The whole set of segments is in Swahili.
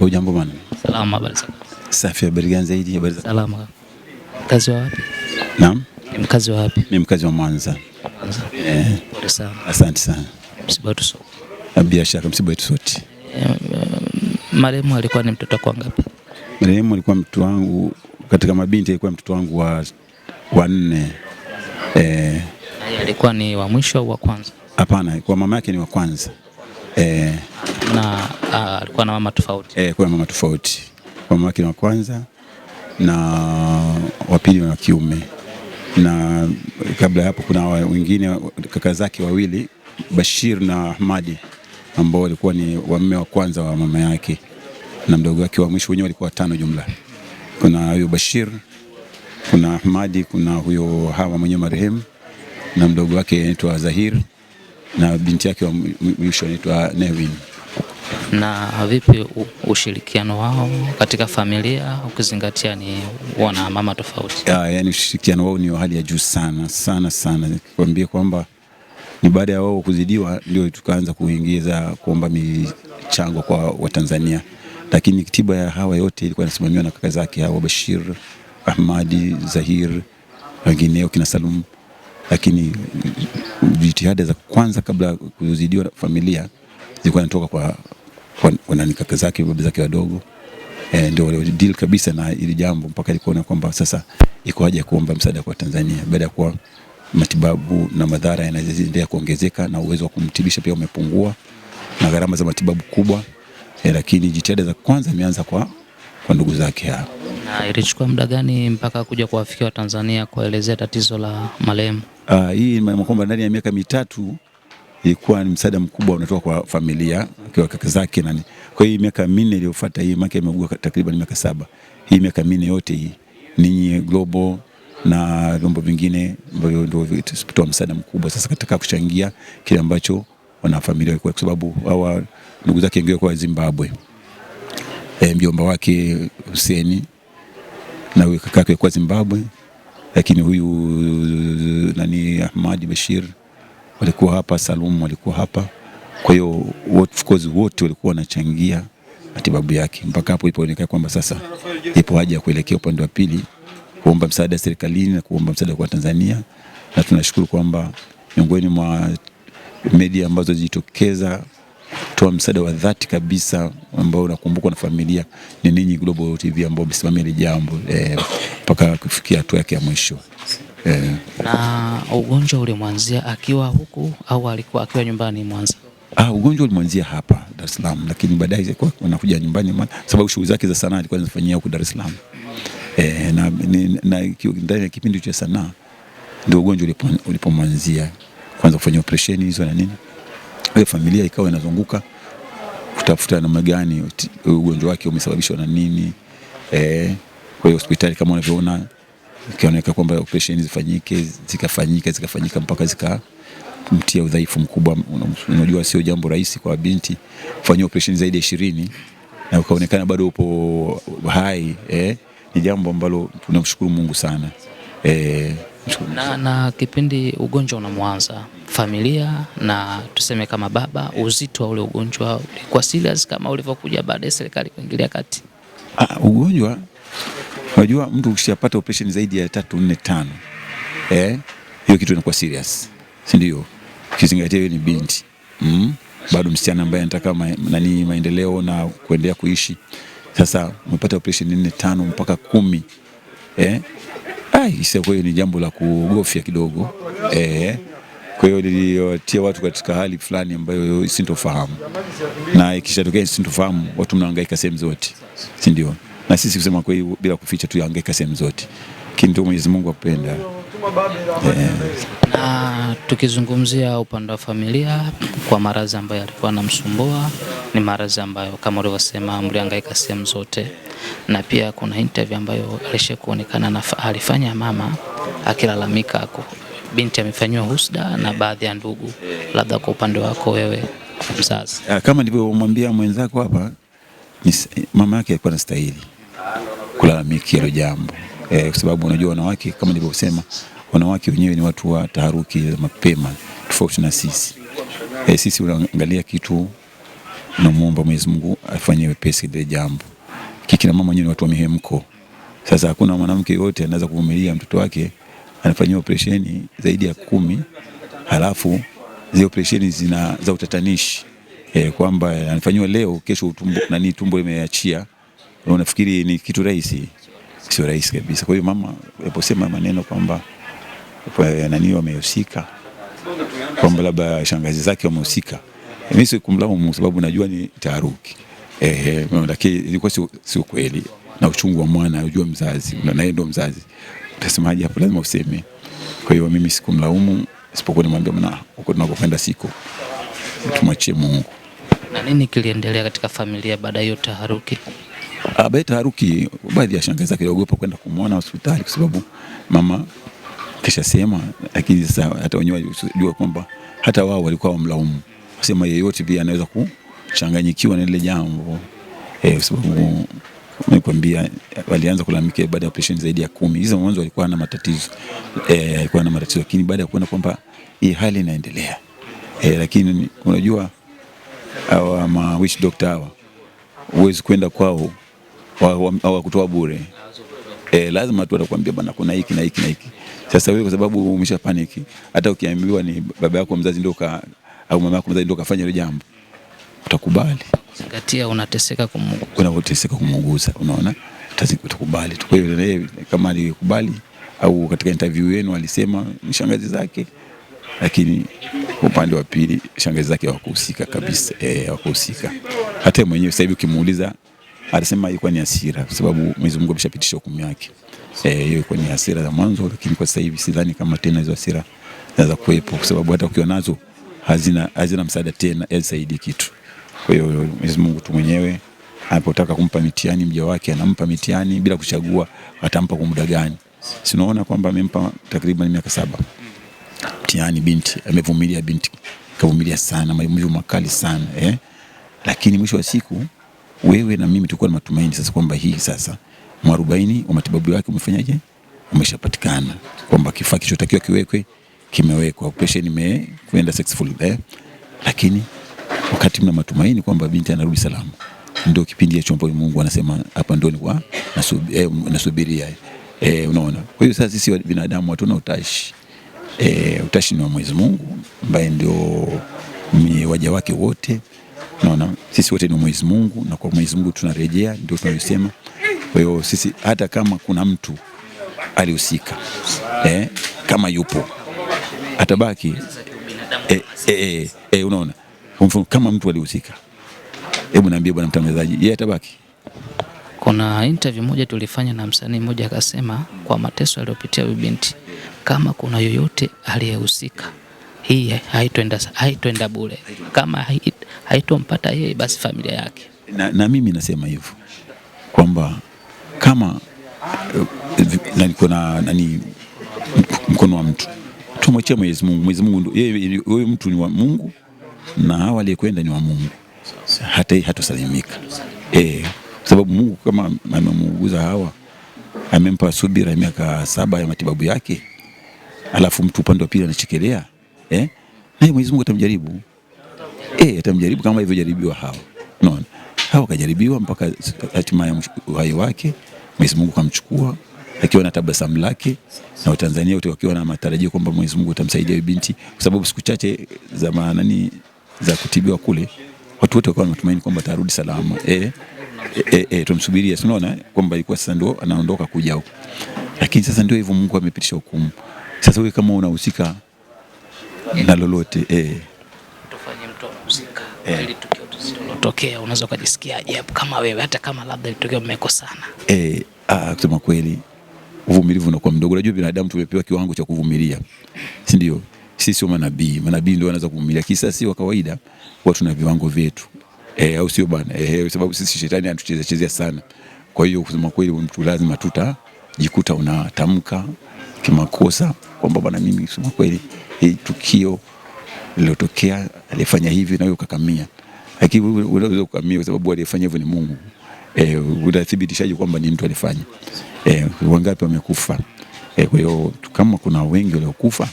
Ujambo bwana. Salama, habari za. Safi, habari gani zaidi? Habari za. Salama. Mkazi wa wapi? Naam. Ni mkazi wa wapi? Ni mkazi wa Mwanza. Mwanza. Eh. Pole sana. Asante sana. Msiba wetu sote. Ah, bila shaka msiba wetu sote. Eh, eh, marehemu alikuwa ni mtoto wako ngapi? Marehemu alikuwa mtoto wangu katika mabinti alikuwa mtoto wangu wa wa nne. Eh. Alikuwa ni wa mwisho au wa kwanza? Hapana, kwa mama yake ni wa kwanza. Eh na ah, alikuwa uh, na mama tofauti eh, kuna mama tofauti kwa mama wa kwanza na wa pili wa kiume, na kabla ya hapo kuna wengine kaka zake wawili Bashir na Ahmadi ambao walikuwa ni wamme wa kwanza wa mama yake na mdogo wake wa mwisho, wenyewe walikuwa watano jumla. Kuna huyo Bashir, kuna Ahmadi, kuna huyo Hawa mwenyewe marehemu na mdogo wake anaitwa Zahir na binti yake wa mwisho anaitwa Nevin na vipi ushirikiano wao katika familia ukizingatia ni wana mama tofauti? Ya, yani ushirikiano wao ni wa hali ya juu sana sana sana, nikwambie kwamba ni baada ya wao kuzidiwa ndio tukaanza kuingiza kuomba michango kwa Watanzania, lakini tiba ya hawa yote ilikuwa inasimamiwa na kaka zake hawa Bashir Ahmadi, Zahir, wengineo kina Salum, lakini jitihada za kwanza kabla kuzidiwa familia zilikuwa zinatoka kwa kaka zake baba zake wadogo e, ndio wale deal kabisa na ili jambo mpaka alikuona kwamba sasa iko haja ya kuomba msaada kwa Tanzania baada ya kuwa matibabu na madhara yanaendelea kuongezeka na uwezo wa kumtibisha pia umepungua na gharama za matibabu kubwa e, lakini jitihada za kwanza imeanza kwa, kwa ndugu zake hao. Na ilichukua muda gani mpaka kuja kuwafikia Watanzania kuelezea tatizo la marehemu? Ah, hii kwamba ndani ya miaka mitatu ilikuwa ni msaada mkubwa unatoka kwa familia kwa kaka zake nani. Kwa hiyo miaka minne iliyofuata hii maki ameugua takriban miaka saba. Hii miaka minne yote hii ninyi Global na vyombo vingine ambavyo ndio vitatoa msaada mkubwa sasa katika kuchangia kile ambacho familia kwa sababu hawa ndugu zake wengine kwa Zimbabwe, e, mjomba wake Huseni na kaka kakake kwa Zimbabwe, lakini huyu nani Ahmad Bashir walikuwa hapa, Salum walikuwa hapa. Kwa hiyo of course wote walikuwa wanachangia matibabu yake. Mpaka hapo ilipoonekana kwamba sasa ipo haja ya kuelekea upande wa pili kuomba msaada serikalini na kuomba msaada kwa Tanzania, na tunashukuru kwamba miongoni mwa media ambazo zilitokeza kutoa msaada wa dhati kabisa ambao unakumbukwa na familia ni ninyi Global TV ambao msimamia ile jambo eh, mpaka eh, kufikia hatua yake ya mwisho. Yeah. Na ugonjwa ulimwanzia akiwa huku au alikuwa akiwa nyumbani Mwanza? Ah, ugonjwa ulimwanzia hapa Dar es Salaam, lakini baadaye anakuja nyumbani Mwanza sababu shughuli zake za sanaa alikuwa anafanyia huku Dar es Salaam. Eh, na ndani ya kipindi cha sanaa ndio ugonjwa ulipomwanzia, kwanza kufanya operesheni hizo na nini, hiyo familia ikawa inazunguka kutafuta namna gani ugonjwa wake umesababishwa na nini. Eh, kwa hiyo hospitali kama unavyoona ikioneka kwamba operesheni zifanyike zikafanyika zikafanyika mpaka zikamtia udhaifu mkubwa. Unajua sio jambo rahisi kwa binti kufanyia operesheni zaidi ya ishirini na ukaonekana bado upo hai eh, ni jambo ambalo tunamshukuru Mungu sana eh, na, na kipindi ugonjwa unamwanza familia na tuseme kama baba, uzito wa ule ugonjwa ulikuwa serious kama ulivyokuja baada ya serikali kuingilia kati? Ah, ugonjwa Unajua mtu ukishapata operation zaidi ya tatu nne tano, eh, hiyo kitu inakuwa serious, si ndio? Ukizingatia hiyo ni binti mm? bado msichana ambaye anataka ma, nani maendeleo na kuendelea kuishi. Sasa umepata operation nne tano mpaka kumi eh? Ai, sasa kwa hiyo ni jambo la kugofya kidogo eh? Kwa hiyo liliwatia watu katika hali fulani ambayo sintofahamu, na ikishatokea sintofahamu, watu mnahangaika sehemu zote, si ndio? na sisi kusema kweli, bila kuficha, tuyaangaika sehemu zote, lakini tu Mwenyezi Mungu akupenda. Na tukizungumzia upande wa familia, kwa maradhi ambayo alikuwa anamsumbua ni maradhi ambayo kama ulivyosema mlihangaika sehemu zote, na pia kuna interview ambayo alisha kuonekana na alifanya mama akilalamika ako binti amefanyiwa husda na baadhi ya ndugu, labda kwa upande wako wewe mzazi, ah, kama nilivyomwambia mwenzako hapa, mama yake alikuwa anastahili kulalamikia hilo jambo e, kwa sababu unajua wanawake kama nilivyosema, wanawake wenyewe ni watu wa taharuki mapema, tofauti na sisi e, sisi unaangalia kitu unamuomba Mwenyezi Mungu afanye wepesi ile jambo. Kiki na mama wenyewe ni watu wa mihemko. Sasa hakuna mwanamke yote anaweza kuvumilia mtoto wake anafanyiwa operesheni zaidi ya kumi, halafu zile operesheni zina za utatanishi e, kwamba anafanyiwa leo, kesho utumbo nani tumbo imeachia Unafikiri ni kitu rahisi? Sio rahisi kabisa. Kwa hiyo mama aliposema maneno kwamba nani wamehusika, kwamba labda shangazi zake wamehusika, mimi si sikumlaumu sababu najua ni taharuki eh, eh, lakini ilikuwa sio kweli, na uchungu wa mwana, unajua mzazi na yeye ndo mzazi, utasemaje hapo? Lazima useme. Kwa hiyo mimi sikumlaumu, isipokuwa nimwambia mna huko tunakokwenda siko, tumwachie Mungu. Na nini kiliendelea katika familia baada ya hiyo taharuki? Abeid ah, Taharuki, baadhi ya shangazi zake aliogopa kwenda kumwona hospitali kwa sababu mama kisha sema, lakini sasa hata wenyewe walijua kwamba hata wao walikuwa wamlaumu, wasema yeyote pia anaweza kuchanganyikiwa na ile jambo eh, kwa sababu nikwambia walianza kulalamika baada ya operation zaidi ya kumi hizo. Mwanzo walikuwa na matatizo eh, alikuwa na matatizo, lakini baada ya kuona kwamba hii hali inaendelea eh, lakini unajua hawa ma witch doctor hawa huwezi kwenda kwao hawakutoa bure eh, lazima tu atakwambia bwana, kuna hiki na hiki na hiki. Sasa wewe kwa sababu umesha paniki, hata ukiambiwa ni baba yako mzazi ndio ka au mama yako mzazi ndio kafanya hilo jambo, utakubali zingatia, unateseka kumuguza, unateseka kumuguza, unaona, utakubali tu. Kwa hiyo kama alikubali au katika interview yenu alisema shangazi zake, lakini upande wa pili shangazi zake hawakuhusika kabisa, eh, hawakuhusika. Hata mwenyewe sasa hivi ukimuuliza alisema ilikuwa ni hasira kwa sababu Mwenyezi Mungu ameshapitisha hukumu yake. Eh, hiyo ilikuwa ni hasira za mwanzo, lakini kwa sasa hivi sidhani kama tena hizo hasira zinaweza kuwepo kwa sababu hata ukiwa nazo hazina, hazina msaada tena, eh, zaidi kitu. Kwa hiyo Mwenyezi Mungu tu mwenyewe anapotaka kumpa mitihani mja wake anampa mitihani bila kuchagua atampa kwa muda gani. Si unaona kwamba amempa takriban miaka saba mtihani binti, amevumilia binti, kavumilia sana maumivu makali sana eh, lakini mwisho wa siku wewe na mimi tulikuwa na matumaini sasa kwamba hii sasa mwarobaini wa matibabu yake umefanyaje, umeshapatikana kwamba kifaa kilichotakiwa kiwekwe kimewekwa, operation imekwenda successfully there, lakini wakati mna matumaini kwamba binti anarudi salama, ndio kipindi cha chombo Mungu anasema hapa ndio ni eh, nasubiria eh, eh, unaona. Kwa hiyo sasa sisi binadamu hatuna utashi eh, utashi ni wa Mwenyezi Mungu ambaye ndio waja wake wote Unaona, sisi wote ni Mwenyezi Mungu na kwa Mwenyezi Mungu tunarejea, ndio tunayosema. Kwa hiyo sisi hata kama kuna mtu alihusika eh, kama yupo atabaki eh, eh, eh, eh unaona, mfano kama mtu alihusika, hebu niambie bwana mtangazaji, yeye atabaki. Kuna interview moja tulifanya na msanii mmoja akasema, kwa mateso aliyopitia huyu binti, kama kuna yoyote aliyehusika hii haitoenda haitoenda bure, kama haitompata yeye basi familia yake. Na, na mimi nasema hivyo kwamba kama eh, niko na nani mkono wa mtu tumwachie Mwenyezi Mungu. Mwenyezi Mungu yeye, huyo mtu ni wa Mungu na hawa aliyekwenda ni wa Mungu, hata yeye hatosalimika eh, kwa sababu Mungu kama amemuuguza Hawa, amempa subira miaka saba ya matibabu yake, alafu mtu upande wa pili anachekelea eh? Naye Mwenyezi Mungu atamjaribu eh, atamjaribu kama ilivyojaribiwa hao. Unaona, hao kajaribiwa mpaka hatima ya uhai wake Mwenyezi Mungu kamchukua akiwa na tabasamu lake na Watanzania wote wakiwa na matarajio kwamba Mwenyezi Mungu atamsaidia yule binti, kwa sababu siku chache za maana ni za kutibiwa kule watu wote wakawa na matumaini kwamba atarudi salama eh, eh, eh, eh tumsubiria, si unaona kwamba ilikuwa sasa ndio anaondoka kuja huko, lakini sasa ndio hivyo, Mungu amepitisha hukumu. Sasa wewe kama unahusika na lolote eh, tufanye mtu wa muziki eh, ili tukio tusilotokea, unaweza kujisikia ajabu kama wewe, hata kama labda litokea mmekosana eh. Ah, kusema kweli uvumilivu unakuwa mdogo. Unajua binadamu tumepewa kiwango cha kuvumilia, si ndio? Sisi sio manabii, manabii ndio wanaweza kuvumilia. Kisa si wa kawaida, watu tuna viwango vyetu eh, au sio bana eh, sababu sisi shetani anatuchezea chezea sana. Kwa hiyo kusema kweli, mtu lazima tutajikuta unatamka kimakosa kwamba bwana, mimi kusema kweli hii tukio lilotokea, alifanya hivi na wewe ukakamia, lakini unaweza kukamia kwa sababu aliyefanya hivyo ni Mungu. Eh, unathibitishaje kwamba ni mtu alifanya? Eh, wangapi wamekufa? Eh, kwa hiyo kama kuna wengi waliokufa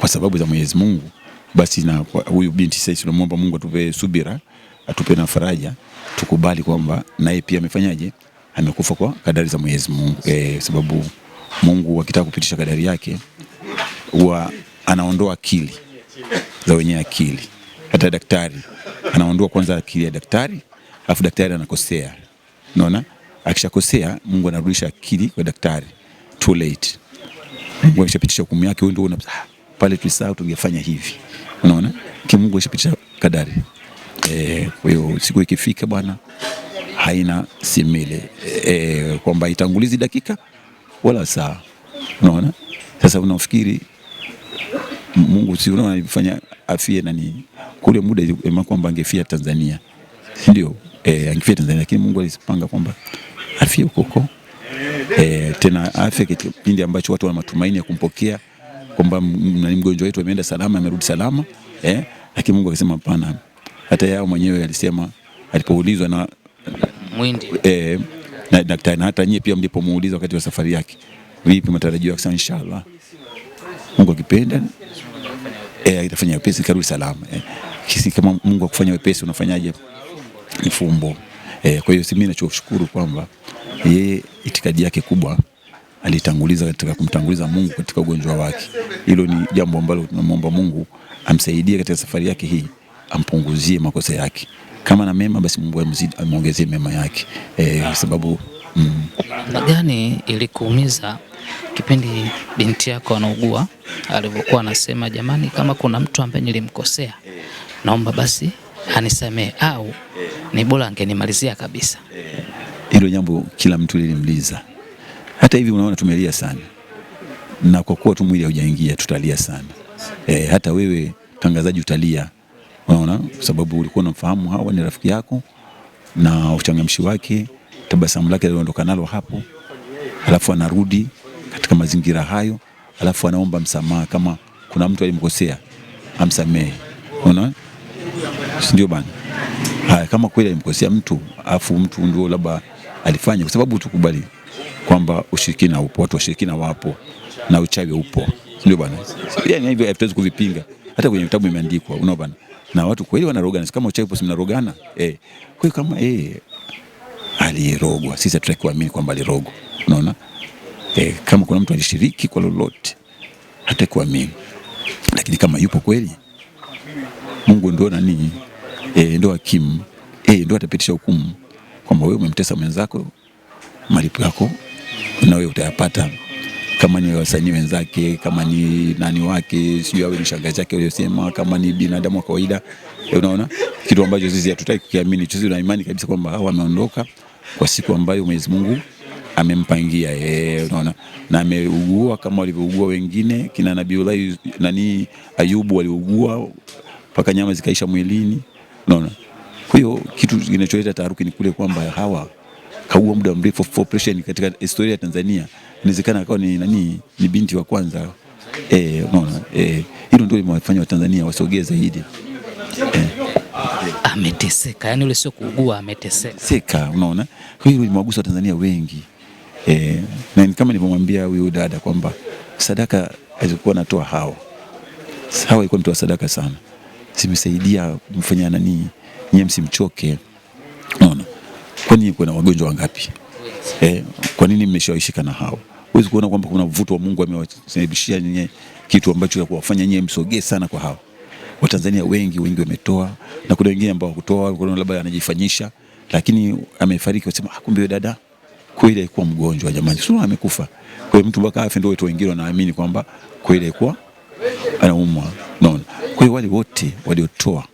kwa sababu za Mwenyezi Mungu, basi na huyu binti sasa tunamwomba Mungu atupe subira, atupe na faraja, tukubali kwamba naye pia amefanyaje, amekufa kwa kadari za Mwenyezi Mungu. Eh, sababu Mungu akitaka kupitisha kadari yake wa anaondoa akili za wenye akili. Hata daktari anaondoa kwanza akili ya daktari, alafu daktari anakosea, unaona. Akishakosea Mungu anarudisha akili kwa daktari, too late. Mungu akishapitisha hukumu yake, wewe ndio una ah, pale, tulisahau tungefanya hivi, unaona. Kimungu akishapitisha kadari eh. Kwa hiyo siku ikifika bwana haina simile eh, kwamba itangulizi dakika wala saa. Unaona sasa, unafikiri Mungu si unaona alifanya afie nani kule muda ilikuwa kwamba angefia Tanzania, ndio? eh, angefia Tanzania, lakini Mungu alisipanga kwamba afie huko huko e, tena afie kipindi ambacho watu wana matumaini ya kumpokea kwamba nani mgonjwa wetu ameenda salama, amerudi salama eh, lakini Mungu akasema hapana. Hata yao mwenyewe alisema alipoulizwa na Mwindi eh, na daktari na hata nyie pia mlipomuuliza wakati wa safari yake, vipi matarajio? Akasema inshallah Mungu akipenda eh, itafanya wepesi karudi salama eh. Kisi kama Mungu akufanya wepesi unafanyaje? Ni fumbo eh. Kwa hiyo si mimi nachoshukuru kwamba yeye itikadi yake kubwa alitanguliza katika kumtanguliza Mungu katika ugonjwa wake. Hilo ni jambo ambalo tunamwomba Mungu amsaidie katika safari yake hii, ampunguzie makosa yake, kama na mema basi Mungu amzidi amwongezee mema yake eh, sababu mm. gani ilikuumiza kipindi binti yako anaugua, alivyokuwa anasema, jamani, kama kuna mtu ambaye nilimkosea naomba basi anisamee au ni bora angenimalizia kabisa. Hilo jambo kila mtu lilimliza. Hata hivi unaona tumelia sana, na kwa kuwa tu mwili haujaingia tutalia sana. E, hata wewe mtangazaji utalia, unaona, kwa sababu ulikuwa unamfahamu Hawa ni rafiki yako na uchangamshi wake, tabasamu lake aliondoka nalo hapo, alafu anarudi katika mazingira hayo, alafu anaomba msamaha kama kuna mtu alimkosea amsamehe. Unaona, ndio bana. Haya, kama kweli alimkosea mtu afu mtu ndio labda alifanya kwa sababu, tukubali kwamba ushirikina upo, watu washirikina wapo na uchawi upo, ndio bana. Yani hivyo hatuwezi kuvipinga, hata kwenye vitabu imeandikwa, unaona bana, na watu kweli wanarogana. Kama uchawi upo, mnarogana eh. Kwa hiyo kama eh aliyerogwa, sisi hatutaki kuamini kwamba alirogwa, unaona eh, kama kuna mtu alishiriki kwa lolote hata kuamini, lakini kama yupo kweli Mungu ndio nani eh, ndio hakimu eh, ndio atapitisha hukumu kwamba wewe umemtesa mwenzako, malipo yako na wewe utayapata kama ni wasanii wenzake, kama ni nani wake, sio awe ni shangazi yake aliyosema, kama ni binadamu wa kawaida. Eh, unaona kitu ambacho sisi hatutaki kukiamini. Sisi tuna imani kabisa kwamba hao wameondoka kwa siku ambayo Mwenyezi Mungu amempangia yeye, unaona, na ameugua kama walivyougua wengine kina Nabiulahi nani Ayubu waliugua mpaka nyama zikaisha mwilini, unaona. Kwa hiyo kitu kinacholeta taharuki ni kule kwamba hawa kaua muda mrefu for pressure katika historia ya Tanzania, inawezekana akawa ni nani, ni binti wa kwanza eh, unaona eh, hilo ndio limewafanya Watanzania wasogee zaidi eh. Ameteseka yani, ule sio kuugua, ameteseka, unaona. hiyo limewagusa Watanzania wengi. E, na kama nilivyomwambia huyu dada kwamba sadaka alizokuwa natoa hawa hawa, alikuwa mtoa sadaka sana, simsaidia mfanya nani, nyie msimchoke. Unaona, nini kuna wagonjwa wangapi? E, kwa nini mmeshawishika na hawa? Huwezi kuona kwamba kuna mvuto wa Mungu amewasababishia nyie kitu ambacho ya kuwafanya nyie msogee sana kwa hawa Watanzania wengi wengi wametoa na kuna wengine ambao kutoa labda anajifanyisha, lakini amefariki, wasema ah, kumbe dada kweli alikuwa mgonjwa jamani, sura amekufa. Kwa hiyo mtu mpaka afi ndio watu wengine wanaamini kwamba kweli alikuwa anaumwa, naona. Kwa hiyo wale wote waliotoa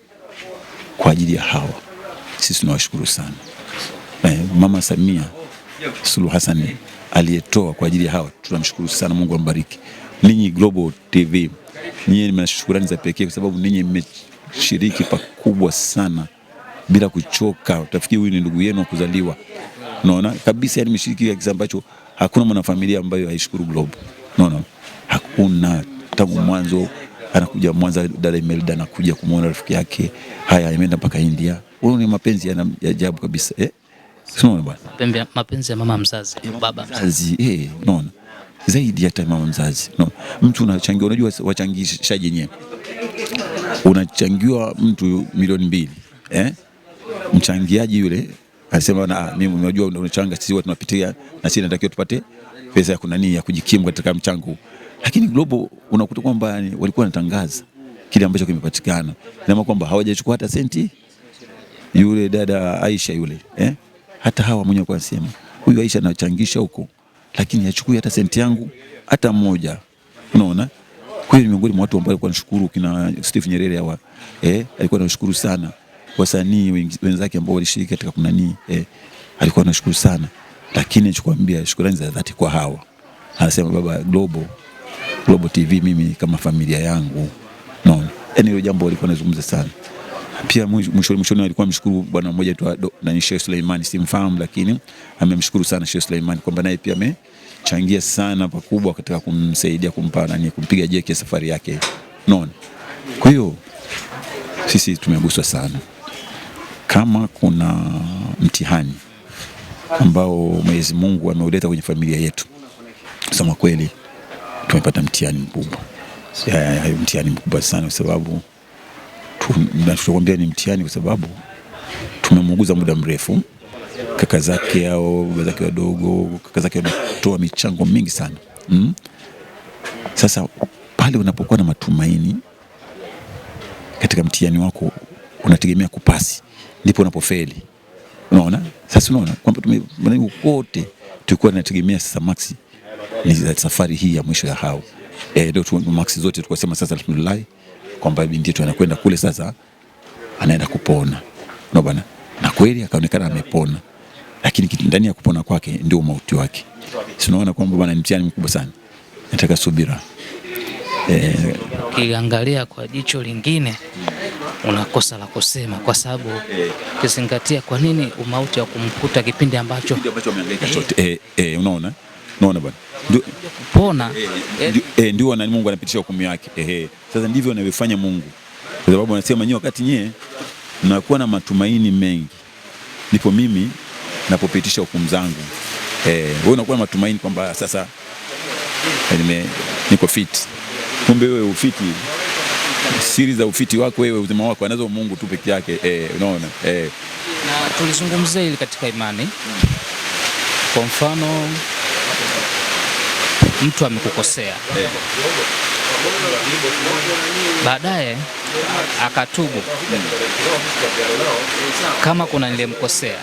kwa ajili ya hawa sisi tunawashukuru sana. Eh, Mama Samia Suluhu Hassan aliyetoa kwa ajili ya hawa tunamshukuru sana, Mungu ambariki. Ninyi Global TV, ninyi mna za pekee kwa sababu ninyi mmeshiriki pakubwa sana bila kuchoka. Utafikiri huyu ni ndugu yenu wa kuzaliwa. Unaona kabisa yani mshiriki ya kisa ambacho hakuna mwanafamilia ambayo haishukuru Globe, Unaona? Hakuna tangu mwanzo anakuja Mwanza, dada Imelda anakuja kumwona rafiki yake, haya ameenda mpaka India. Huyo ni mapenzi ya ajabu kabisa eh? Sio bwana? Pembe mapenzi ya mama mzazi, ya baba mzazi. Eh, unaona? Zaidi hata mama mzazi. no. Mtu unachangia, unajua wachangishaji yenyewe. Unachangiwa mtu milioni mbili eh? Mchangiaji yule Alisema na mimi unajua unachanga sisi wote tunapitia na sisi natakiwa tupate pesa ya kunani ya kujikimu katika mchango. Lakini Global unakuta kwamba walikuwa wanatangaza kile ambacho kimepatikana. Inamaana kwamba hawajachukua hata senti. Yule dada Aisha yule, eh? Hata hawa mwenyewe kwa sema huyu Aisha anachangisha huko lakini achukui hata senti yangu hata moja. Unaona? Kwa hiyo ni miongoni mwa watu ambao walikuwa wanashukuru kina Steve Nyerere hawa. Eh, alikuwa anashukuru sana wasanii wenzake ambao walishiriki katika kunani eh, alikuwa anashukuru sana, lakini nichokuambia shukrani za dhati kwa hawa. Anasema baba Global, Global TV, mimi kama familia yangu no. yani hilo jambo alikuwa anazungumza sana pia mwishoni mwishoni alikuwa amshukuru bwana mmoja tu na ni Sheikh Suleiman, simfahamu lakini amemshukuru sana Sheikh Suleiman kwamba naye pia amechangia sana pakubwa katika kumsaidia kumpa nani kumpiga jeki safari yake. Unaona, kwa hiyo sisi tumeguswa sana kama kuna mtihani ambao Mwenyezi Mungu ameuleta kwenye familia yetu, kusema kweli, tumepata mtihani mkubwa, eh, mtihani mkubwa sana, kwa sababu tunakwambia ni mtihani kwa sababu tumemuuguza muda mrefu, kaka zake au baba zake wadogo, kaka zake wanatoa michango mingi sana mm? Sasa pale unapokuwa na matumaini katika mtihani wako unategemea kupasi, ndipo unapofeli. Unaona sasa, unaona kwamba wote tulikuwa tunategemea sasa max ni safari hii ya mwisho ya hao eh, ndio max zote tulikuwa sema sasa, alhamdulillah kwamba binti yetu anakwenda kule sasa, anaenda kupona. Unaona bwana, na kweli akaonekana amepona, lakini ndani ya kupona kwake ndio mauti wake. Tunaona kwamba bwana, ni mtihani mkubwa sana, nataka subira. Eh, ukiangalia kwa jicho lingine unakosa la kusema kwa sababu ukizingatia kwa nini umauti wa kumkuta kipindi ambacho eh. Eh, eh, unaona unaona bwana kupona ndio na Mungu anapitisha hukumu yake. Eh, sasa ndivyo anavyofanya Mungu, kwa sababu anasema nyewe, wakati nyie mnakuwa na matumaini mengi, ndipo mimi napopitisha hukumu zangu. Eh, wewe unakuwa na matumaini kwamba sasa niko fit kumbe wewe ufiti siri za ufiti wako wewe, uzima wako anazo Mungu tu peke yake eh, unaona eh. Na tulizungumzia hili katika imani, kwa mfano mtu amekukosea Baadaye akatubu Kama kuna nilimkosea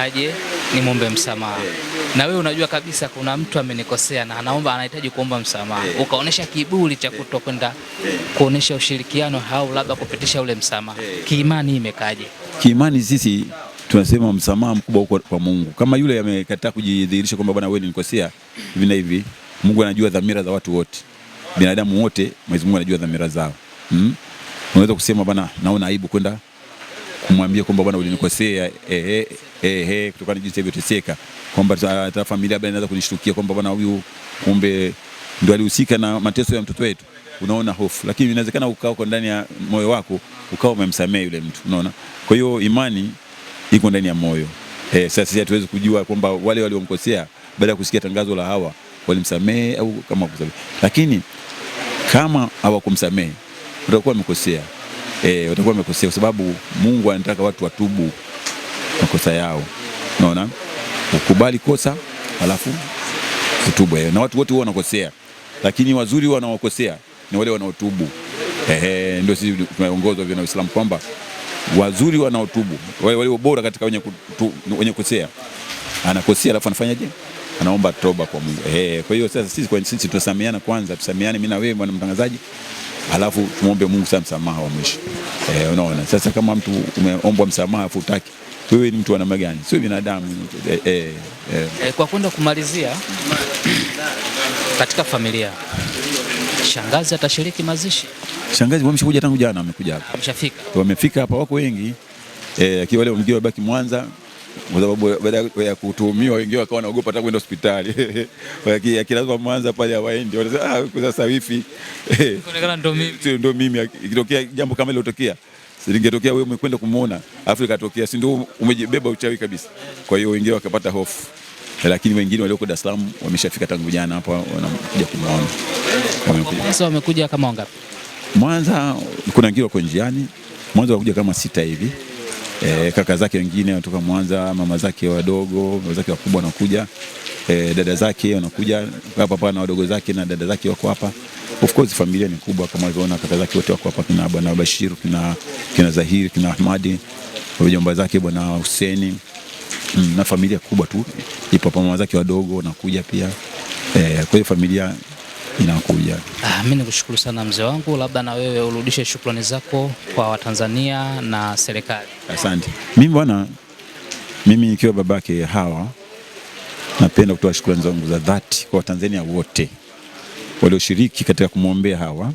Aje nimwombe msamaha Na wewe unajua kabisa kuna mtu amenikosea na anaomba anahitaji kuomba msamaha Ukaonyesha kiburi cha kutokwenda yeah. Kuonyesha ushirikiano au labda kupitisha ule msamaha Kiimani imekaje? Kiimani sisi tunasema msamaha mkubwa huko kwa Mungu. Kama yule amekataa kujidhihirisha kwamba bwana, wewe nilikosea hivi na hivi, Mungu anajua dhamira za watu wote, binadamu wote, Mwenyezi Mungu anajua dhamira zao mm? Unaweza kusema bwana, naona aibu kwenda kumwambia kwamba bwana, ulinikosea ehe eh, eh, kutokana na jinsi alivyoteseka, kwamba hata familia bwana inaweza kunishtukia kwamba bwana, huyu kumbe ndio alihusika na mateso ya mtoto wetu. Unaona hofu, lakini inawezekana ukawa ndani ya moyo wako ukawa umemsamehe yule mtu, unaona. Kwa hiyo imani iko ndani ya moyo. Eh, sasa sisi hatuwezi kujua kwamba wale waliomkosea baada ya kusikia tangazo la Hawa walimsamehe au kama kusamehe. Lakini kama hawakumsamehe watakuwa wamekosea. Eh, watakuwa wamekosea kwa sababu Mungu anataka watu watubu makosa yao. Unaona? Ukubali kosa alafu kutubu Eh, na watu wote huwa wanakosea. Lakini wazuri wanaokosea ni wale wanaotubu. Ehe, ndio sisi tumeongozwa na Uislamu kwamba wazuri wanaotubu, walio bora katika wenye, kutu, wenye kukosea. Anakosea alafu anafanyaje? Anaomba toba kwa Mungu. Eh, kwa hiyo sasa sisi kwa sisi tusameane kwanza, tusameane mimi na wewe bwana mtangazaji, alafu tumombe Mungu sana msamaha wa mwisho. Eh, unaona sasa, kama mtu umeombwa msamaha afu utaki wewe ni mtu wa namna gani? Sio binadamu eh, eh, eh. Kwa kwenda kumalizia katika familia, shangazi atashiriki mazishi? Shangazi wao wameshakuja tangu jana, wamekuja hapa, wameshafika, wamefika hapa, wako wengi eh, akiwa wale wengine wabaki Mwanza kwa sababu baada ya kutuhumiwa wengine wakawa wanaogopa hata kwenda hospitali, Kwa kilazo Mwanza pale hawaendi, wanasema ah, kwa sasa wifi, ndio mimi. Ikitokea jambo kama ile lotokea. lingetokea wewe umekwenda kumuona afu ikatokea, si ndio umejibeba uchawi kabisa. Kwa hiyo wengine wakapata hofu, lakini wengine walioko Dar es Salaam wameshafika tangu jana hapa, wanakuja kumwona. Wamekuja kama wangapi? Mwanza kuna wengine wako njiani Mwanza wakuja kama sita hivi e, kaka zake wengine wanatoka Mwanza, mama zake wadogo, mama zake wakubwa wanakuja e, dada zake wanakuja hapa hapa na wadogo zake na dada zake wako hapa. Of course familia ni kubwa kama unavyoona, kaka zake wote wako hapa, kina bwana Bashir, kina kina Zahiri, kina Ahmadi, wajomba zake bwana Huseni mm, na familia kubwa tu ipo hapa, mama zake wadogo wanakuja pia e, kwa hiyo familia inakuja. Ah, mimi nikushukuru sana mzee wangu, labda na wewe urudishe shukrani zako kwa Watanzania na serikali. Asante. Mimi bwana, mimi nikiwa babake Hawa napenda kutoa shukrani zangu za dhati kwa Watanzania wote walioshiriki katika kumwombea Hawa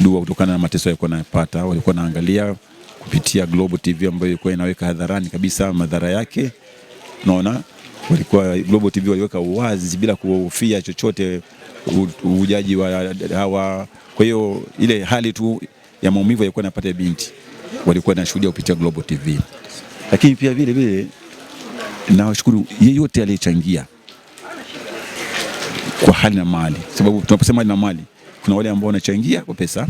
dua kutokana na mateso alikuwa anayapata. Walikuwa naangalia kupitia Global TV ambayo ilikuwa inaweka hadharani kabisa madhara yake, naona walikuwa Global TV waliweka uwazi bila kuhofia chochote uvujaji wa dawa. Kwa hiyo ile hali tu ya maumivu yalikuwa napata binti walikuwa nashuhudia kupitia Global TV, lakini pia vile vile nawashukuru yeyote aliyechangia kwa hali na mali, sababu tunaposema hali na mali, kuna wale ambao wanachangia kwa pesa,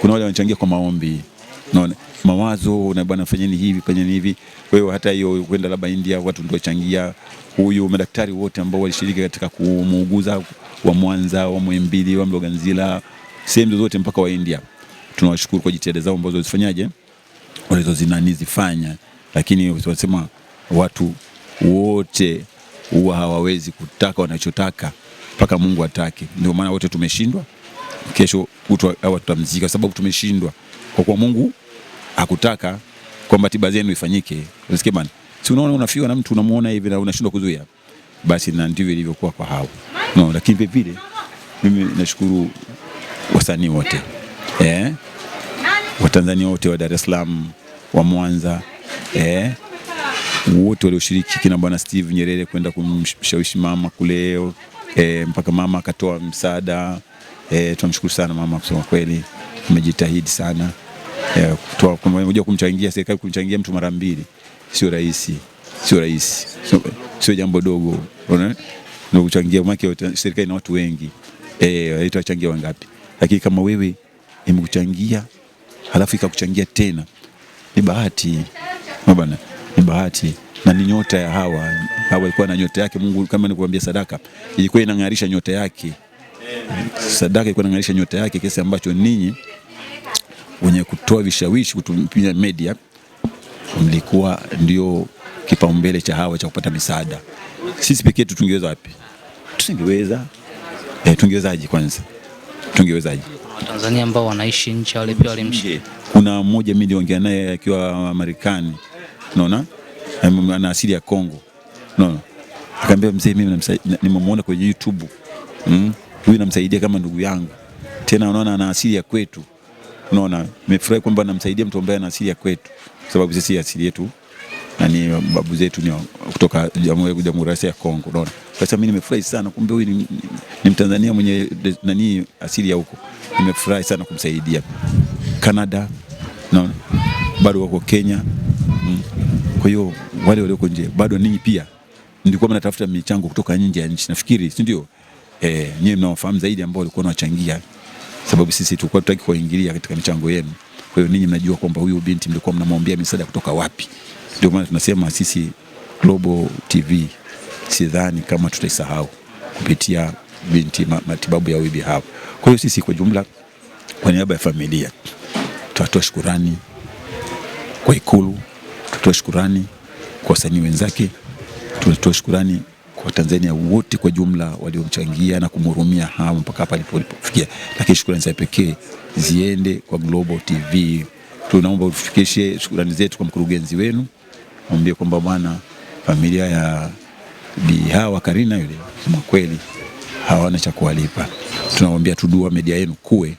kuna wale wanachangia kwa maombi, unaona mawazo, na bwana, fanyeni hivi, fanyeni hivi. Wewe hata hiyo kwenda labda India, watu ndio changia. huyu madaktari wote ambao walishiriki katika kumuuguza wa Mwanza, wa Mwembili, wa Mloganzila, sehemu zozote mpaka wa India. Tunawashukuru kwa jitihada zao ambazo zifanyaje walizozinani zifanya, lakini tunasema watu wote huwa hawawezi kutaka wanachotaka mpaka Mungu atake. Ndio maana wote tumeshindwa, kesho kutwa tutamzika sababu tumeshindwa, kwa kuwa Mungu hakutaka kwamba tiba zenu ifanyike. Unasikia bana, si unaona unafiwa na mtu unamuona hivi na unashindwa kuzuia, basi na ndivyo ilivyokuwa kwa hao no, lakini vilevile mimi nashukuru wasanii wote eh, Watanzania wote wa Dar es Salaam wa Mwanza eh, wote walioshiriki kina Bwana Steve Nyerere kwenda kumshawishi mama kuleo eh, mpaka mama akatoa msaada eh, tunamshukuru sana mama, kusema kweli amejitahidi sana eh, kutoa kumchangia serikali, kumchangia mtu mara mbili sio rahisi, sio rahisi, sio jambo dogo, unaona na kuchangia maki. Serikali na watu wengi eh, itachangia wangapi? Lakini kama wewe imekuchangia halafu ikakuchangia tena, ni bahati bwana, ni bahati na ni nyota ya Hawa. Hawa ilikuwa na nyota yake. Mungu kama nikuambia, sadaka ilikuwa inang'arisha nyota yake, sadaka ilikuwa inang'arisha nyota yake, kiasi ambacho ninyi wenye kutoa vishawishi kutumia media mlikuwa ndio kipaumbele cha hawa cha kupata misaada. Sisi pekee tu tungeweza wapi? Tusingeweza. Eh, tungewezaje kwanza? Tungewezaje? Watanzania ambao wanaishi nje wale pia walimshika. Kuna mmoja mimi niliongea naye akiwa Marekani. Unaona? Ana asili ya Kongo. Unaona? Akaambia mzee, mimi nimemuona kwenye YouTube. Mm. Huyu namsaidia kama ndugu yangu. Tena unaona ana asili ya kwetu. Unaona? Nimefurahi kwamba namsaidia mtu ambaye ana asili ya kwetu. Sababu sisi asili yetu nani babu zetu ni kutoka Jamhuri ya Demokrasia ya Kongo, unaona. Kwa mimi nimefurahi sana, kumbe huyu ni, ni ni Mtanzania mwenye nani asili ya huko. Nimefurahi sana kumsaidia Canada, unaona, bado wako Kenya. mm. Kwa hiyo wale walioko nje bado, ninyi pia ndikuwa mnatafuta michango kutoka nje ya nchi, nafikiri si ndio? Eh, nyinyi mnaofahamu zaidi ambao walikuwa wanachangia, sababu sisi tulikuwa tutaki kuingilia katika michango yenu. Kwa hiyo ninyi mnajua kwamba huyu binti mlikuwa mnamwombea misaada kutoka wapi. Ndio maana tunasema sisi Global TV sidhani kama tutaisahau kupitia binti matibabu ya Webi hapo. Kwa hiyo sisi kwa jumla, kwa niaba ya familia tutatoa shukurani kwa Ikulu, tutatoa shukurani kwa wasanii wenzake, tutatoa shukurani kwa tanzania wote kwa jumla waliomchangia na kumhurumia hapo mpaka hapa alipofikia, lakini shukurani za pekee ziende kwa Global TV. Tunaomba ufikishe shukurani zetu kwa mkurugenzi wenu mwambie kwamba bwana, familia ya Bi Hawa Karina yule kama kweli hawana cha kuwalipa. Tunawambia tudua media yenu kuwe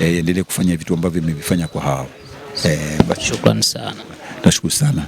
e, eh, endelee kufanya vitu ambavyo imevifanya kwa Hawa. e, eh, shukrani sana, nashukuru sana.